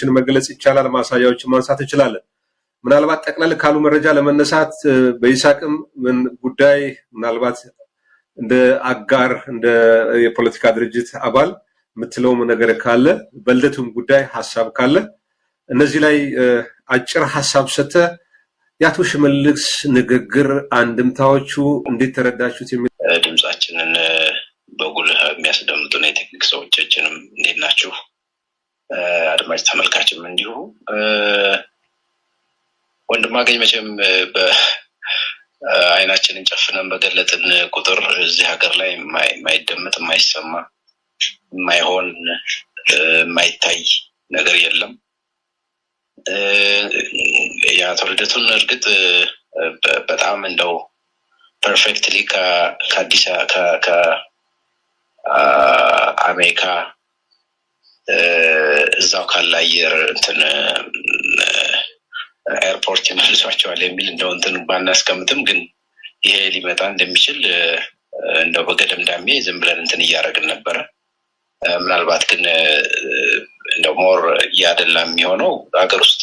ምክንያቶችን መግለጽ ይቻላል፣ ማሳያዎችን ማንሳት እንችላለን። ምናልባት ጠቅለል ካሉ መረጃ ለመነሳት በይስሐቅም ጉዳይ ምናልባት እንደ አጋር እንደ የፖለቲካ ድርጅት አባል የምትለውም ነገር ካለ በልደቱም ጉዳይ ሀሳብ ካለ እነዚህ ላይ አጭር ሀሳብ ሰተ የአቶ ሽመልስ ንግግር አንድምታዎቹ እንዴት ተረዳችሁት? የሚ ድምጻችንን በጉልህ የሚያስደምጡን የቴክኒክ ሰዎቻችንም እንዴት ናችሁ? አድማጭ ተመልካችም እንዲሁ ወንድማገኝ መቼም በአይናችንን ጨፍነን በገለጥን ቁጥር እዚህ ሀገር ላይ የማይደመጥ የማይሰማ የማይሆን የማይታይ ነገር የለም። የአቶ ልደቱን እርግጥ በጣም እንደው ፐርፌክትሊ ከአዲስ ከአሜሪካ እዛው ካለ አየር እንትን ኤርፖርት ይመልሷቸዋል የሚል እንደው እንትን ባናስቀምጥም ግን ይሄ ሊመጣ እንደሚችል እንደው በገደምዳሜ ዝም ብለን እንትን እያደረግን ነበረ። ምናልባት ግን እንደው ሞር እያደላ የሚሆነው ሀገር ውስጥ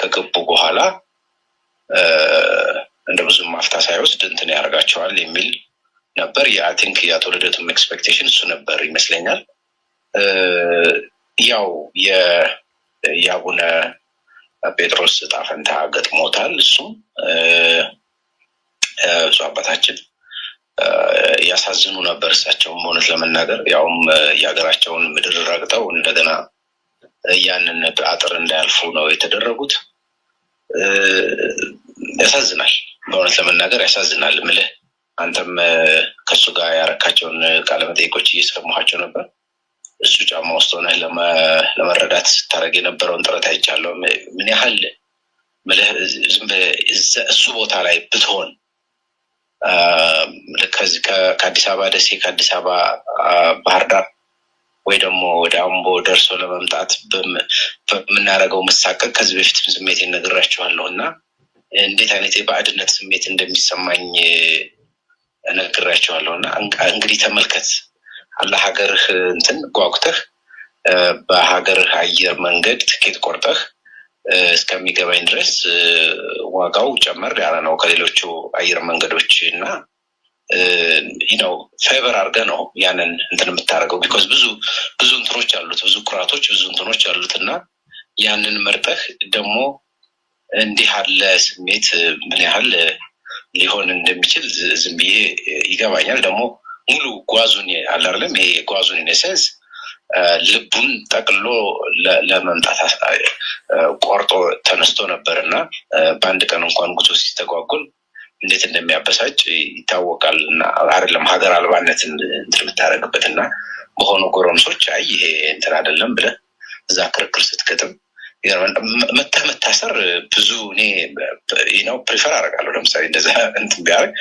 ከገቡ በኋላ እንደ ብዙም ማፍታ ሳይወስድ እንትን ያደርጋቸዋል የሚል ነበር። የአይ ቲንክ የአቶ ልደቱም ኤክስፔክቴሽን እሱ ነበር ይመስለኛል። ያው የአቡነ ጴጥሮስ ጣፈንታ ፈንታ ገጥሞታል። እሱም እሱ አባታችን ያሳዝኑ ነበር። እሳቸውም እውነት ለመናገር ያውም የሀገራቸውን ምድር ረግጠው እንደገና ያንን አጥር እንዳያልፉ ነው የተደረጉት። ያሳዝናል፣ በእውነት ለመናገር ያሳዝናል። ምልህ አንተም ከእሱ ጋር ያረካቸውን ቃለመጠይቆች እየሰማኋቸው ነበር። እሱ ጫማ ውስጥ ሆነ ለመረዳት ስታደርግ የነበረውን ጥረት አይቻለው። ምን ያህል እሱ ቦታ ላይ ብትሆን ከአዲስ አበባ ደሴ፣ ከአዲስ አበባ ባህር ዳር ወይ ደግሞ ወደ አምቦ ደርሶ ለመምጣት በምናደርገው መሳቀቅ ከዚህ በፊትም ስሜት ነግራችኋለሁ እና እንዴት አይነት የባዕድነት ስሜት እንደሚሰማኝ ነግራችኋለሁ እና እንግዲህ ተመልከት ለሀገርህ እንትን ጓጉተህ በሀገርህ አየር መንገድ ትኬት ቆርጠህ እስከሚገባኝ ድረስ ዋጋው ጨመር ያለ ነው ከሌሎቹ አየር መንገዶች እና ነው ፌቨር አድርገ ነው ያንን እንትን የምታደርገው። ቢኮዝ ብዙ ብዙ እንትኖች አሉት፣ ብዙ ኩራቶች፣ ብዙ እንትኖች አሉት እና ያንን መርጠህ ደግሞ እንዲህ ያለ ስሜት ምን ያህል ሊሆን እንደሚችል ዝም ብዬ ይገባኛል ደግሞ ሙሉ ጓዙን አላለም ይሄ ጓዙን ኢነሴንስ ልቡን ጠቅሎ ለመምጣት ቆርጦ ተነስቶ ነበር እና በአንድ ቀን እንኳን ጉዞ ሲተጓጉል እንዴት እንደሚያበሳጭ ይታወቃል። እና አይደለም ሀገር አልባነትን እንትን የምታደርግበት እና በሆኑ ጎረምሶች አይ ይሄ እንትን አይደለም ብለ እዛ ክርክር ስትገጥም መታ መታሰር ብዙ እኔ ነው ፕሪፈር አረጋለሁ ለምሳሌ እንደዛ እንትን ቢያደርግ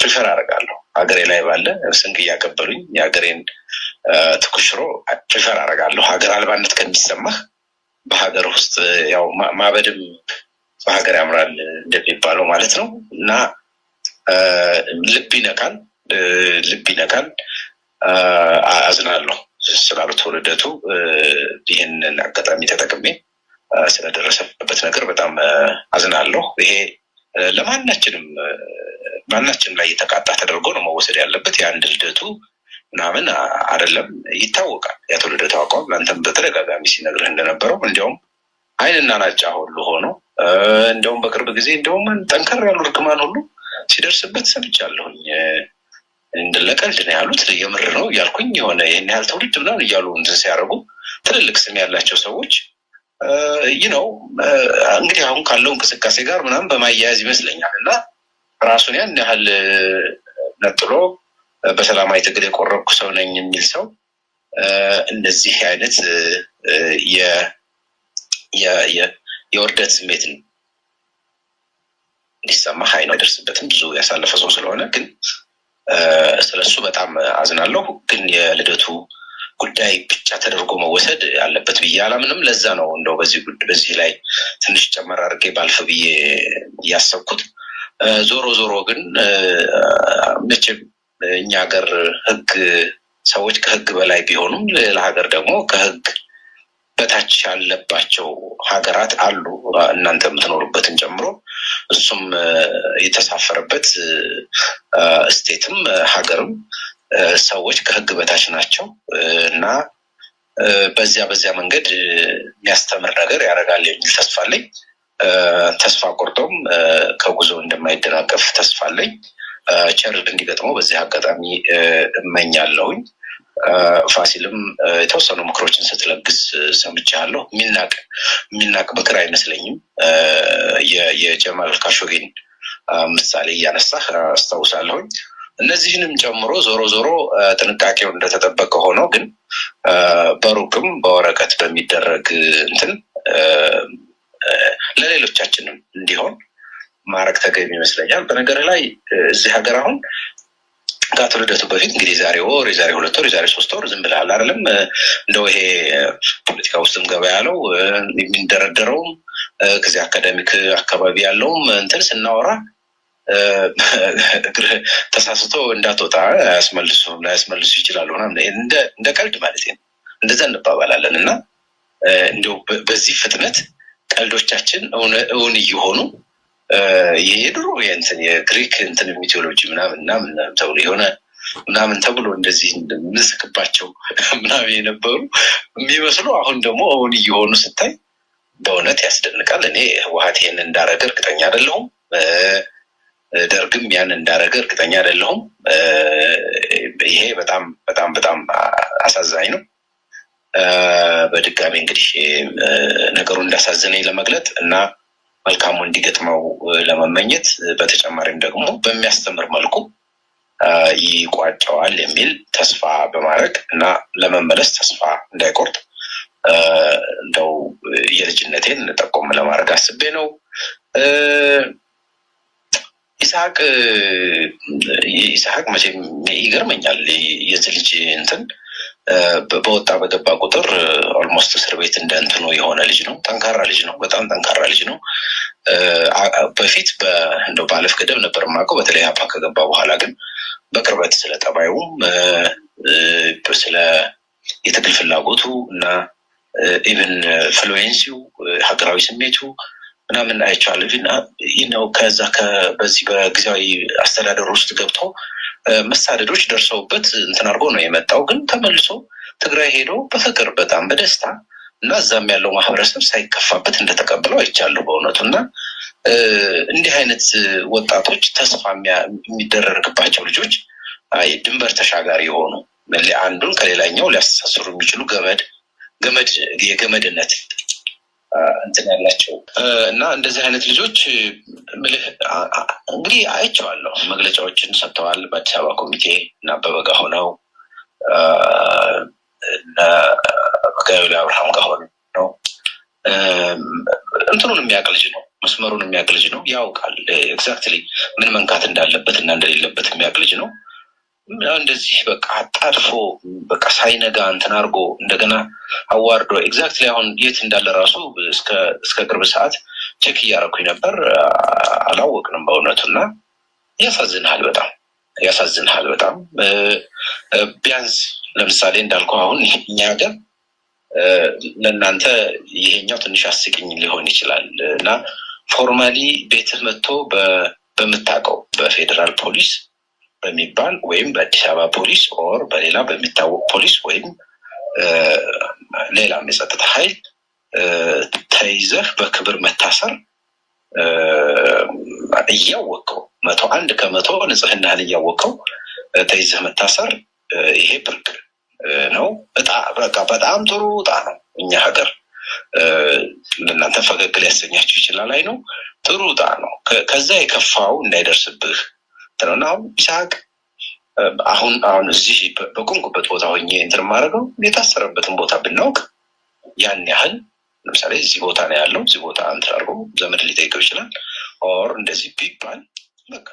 ፕሪፈር አደርጋለሁ። ሀገሬ ላይ ባለ ስንቅ እያቀበሉኝ የሀገሬን ትኩሽሮ ፕሪፈር አደርጋለሁ። ሀገር አልባነት ከሚሰማህ በሀገር ውስጥ ያው ማበድም በሀገር ያምራል እንደሚባለው ማለት ነው እና ልብ ይነካል፣ ልብ ይነካል። አዝናለሁ ስላሉት ውልደቱ ይህንን አጋጣሚ ተጠቅሜ ስለደረሰበት ነገር በጣም አዝናለሁ። ይሄ ለማናችንም ማናችን ላይ የተቃጣ ተደርጎ ነው መወሰድ ያለበት። የአንድ ልደቱ ምናምን አደለም፣ ይታወቃል። የአቶ ልደቱ አቋም ለአንተም በተደጋጋሚ ሲነግርህ እንደነበረው እንዲያውም አይንና ናጫ ሁሉ ሆኖ እንዲያውም በቅርብ ጊዜ እንዲያውም ጠንከር ያሉ እርግማን ሁሉ ሲደርስበት ሰምቻለሁኝ። ለቀልድ ነው ያሉት የምር ነው እያልኩኝ የሆነ ይህን ያህል ትውልድ ምናምን እያሉ እንትን ሲያደርጉ ትልልቅ ስም ያላቸው ሰዎች ይህ ነው እንግዲህ አሁን ካለው እንቅስቃሴ ጋር ምናምን በማያያዝ ይመስለኛል እና ራሱን ያን ያህል ነጥሎ በሰላማዊ ትግል የቆረኩ ሰው ነኝ የሚል ሰው እንደዚህ አይነት የውርደት ስሜት እንዲሰማ ሀይ ነው አይደርስበትም። ብዙ ያሳለፈ ሰው ስለሆነ ግን ስለሱ በጣም አዝናለሁ። ግን የልደቱ ጉዳይ ብቻ ተደርጎ መወሰድ አለበት ብዬ አላምንም። ለዛ ነው እንደው በዚህ በዚህ ላይ ትንሽ ጨመር አድርጌ ባልፍ ብዬ እያሰብኩት ዞሮ ዞሮ ግን መቼም እኛ ሀገር ህግ ሰዎች ከህግ በላይ ቢሆኑም ሌላ ሀገር ደግሞ ከህግ በታች ያለባቸው ሀገራት አሉ። እናንተ የምትኖሩበትን ጨምሮ እሱም የተሳፈረበት ስቴትም ሀገርም ሰዎች ከህግ በታች ናቸው እና በዚያ በዚያ መንገድ የሚያስተምር ነገር ያደርጋል የሚል ተስፋ አለኝ። ተስፋ ቆርጦም ከጉዞ እንደማይደናቀፍ ተስፋ አለኝ። ቸር እንዲገጥመው በዚህ አጋጣሚ እመኛለሁኝ። ፋሲልም የተወሰኑ ምክሮችን ስትለግስ ሰምቻለሁ። ሚናቅ ሚናቅ ምክር አይመስለኝም። የጀማል ካሾጌን ምሳሌ እያነሳህ አስታውሳለሁኝ። እነዚህንም ጨምሮ ዞሮ ዞሮ ጥንቃቄው እንደተጠበቀ ሆኖ ግን በሩቅም በወረቀት በሚደረግ እንትን ለሌሎቻችንም እንዲሆን ማድረግ ተገቢ ይመስለኛል። በነገር ላይ እዚህ ሀገር አሁን ጋር በፊት እንግዲህ ዛሬ ወር የዛሬ ሁለት ወር የዛሬ ሶስት ወር ዝም ብላል አይደለም። እንደው ይሄ ፖለቲካ ውስጥም ገባ ያለው የሚንደረደረውም ከዚህ አካዳሚክ አካባቢ ያለውም እንትን ስናወራ ተሳስቶ እንዳትወጣ አያስመልሱ ላያስመልሱ ይችላሉ እንደ ቀልድ ማለት ነው። እንደዛ እንባባላለን እና እንዲያው በዚህ ፍጥነት ቀልዶቻችን እውን እየሆኑ የድሮ እንትን የግሪክ እንትን ሚቴዎሎጂ ምናምን ምናምን ተብሎ የሆነ ምናምን ተብሎ እንደዚህ ምስክባቸው ምናምን የነበሩ የሚመስሉ አሁን ደግሞ እውን እየሆኑ ስታይ በእውነት ያስደንቃል። እኔ ህወሓት ይህን እንዳረገ እርግጠኛ አይደለሁም። ደርግም ያን እንዳረገ እርግጠኛ አይደለሁም። ይሄ በጣም በጣም በጣም አሳዛኝ ነው። በድጋሚ እንግዲህ ነገሩ እንዳሳዘነኝ ለመግለጥ እና መልካሙ እንዲገጥመው ለመመኘት በተጨማሪም ደግሞ በሚያስተምር መልኩ ይቋጨዋል የሚል ተስፋ በማድረግ እና ለመመለስ ተስፋ እንዳይቆርጥ እንደው የልጅነቴን ጠቆም ለማድረግ አስቤ ነው። ይስሐቅ ይስሐቅ መቼም ይገርመኛል የዚህ ልጅ እንትን በወጣ በገባ ቁጥር ኦልሞስት እስር ቤት እንደንትኑ የሆነ ልጅ ነው። ጠንካራ ልጅ ነው። በጣም ጠንካራ ልጅ ነው። በፊት እንደ ባለፍ ገደብ ነበር የማውቀው። በተለይ አፓ ከገባ በኋላ ግን በቅርበት ስለ ጠባዩም ስለ የትግል ፍላጎቱ እና ኢቨን ፍሉዌንሲው ሀገራዊ ስሜቱ ምናምን አይቻልም። ከዛ በዚህ በጊዜያዊ አስተዳደር ውስጥ ገብቶ መሳደዶች ደርሰውበት እንትን አድርጎ ነው የመጣው። ግን ተመልሶ ትግራይ ሄዶ በፍቅር በጣም በደስታ እና እዛም ያለው ማህበረሰብ ሳይከፋበት እንደተቀበለው አይቻለሁ በእውነቱ እና እንዲህ አይነት ወጣቶች ተስፋ የሚደረግባቸው ልጆች ድንበር ተሻጋሪ የሆኑ አንዱን ከሌላኛው ሊያስተሳስሩ የሚችሉ ገመድ ገመድ የገመድነት እንትን ያላቸው እና እንደዚህ አይነት ልጆች እንግዲህ አይቸዋለሁ መግለጫዎችን ሰጥተዋል። በአዲስ አበባ ኮሚቴ እና በበጋ ሆነው በጋዩ ላይ አብርሃም ጋር ነው እንትኑን የሚያውቅ ልጅ ነው። መስመሩን የሚያውቅ ልጅ ነው። ያውቃል ኤግዛክትሊ ምን መንካት እንዳለበት እና እንደሌለበት የሚያውቅ ልጅ ነው። እንደዚህ በቃ አጣድፎ በቃ ሳይነጋ እንትን አድርጎ እንደገና አዋርዶ ኤግዛክትሊ አሁን የት እንዳለ ራሱ እስከ ቅርብ ሰዓት ቼክ እያደረኩኝ ነበር። አላወቅንም በእውነቱ እና ያሳዝንሃል፣ በጣም ያሳዝንሃል። በጣም ቢያንስ ለምሳሌ እንዳልኩ አሁን እኛ ሀገር ለእናንተ ይሄኛው ትንሽ አስቂኝ ሊሆን ይችላል እና ፎርማሊ ቤትህ መጥቶ በምታውቀው በፌዴራል ፖሊስ በሚባል ወይም በአዲስ አበባ ፖሊስ ኦር በሌላ በሚታወቅ ፖሊስ ወይም ሌላም የጸጥታ ኃይል ተይዘህ በክብር መታሰር እያወቀው መቶ አንድ ከመቶ ንጽህናህን እያወቀው ተይዘህ መታሰር ይሄ ብርቅ ነው። እጣ በቃ በጣም ጥሩ እጣ ነው። እኛ ሀገር ለእናንተ ፈገግ ሊያሰኛችሁ ይችላል። አይ ነው ጥሩ እጣ ነው። ከዛ የከፋው እንዳይደርስብህ ነው እና አሁን ይስሐቅ አሁን አሁን እዚህ በቆምኩበት ቦታ ሆኜ እንትን የማደርገው የታሰረበትን ቦታ ብናውቅ ያን ያህል ለምሳሌ እዚህ ቦታ ነው ያለው፣ እዚህ ቦታ እንትን አድርጎ ዘመድ ሊጠይቀው ይችላል። ኦር እንደዚህ ቢባል በቃ